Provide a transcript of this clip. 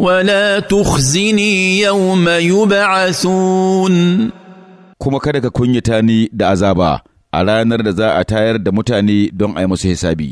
ولا تخزني يوم يبعثون kuma kada ka kunyata ni da azaba a ranar da za a tayar da mutane don a yi musu hisabi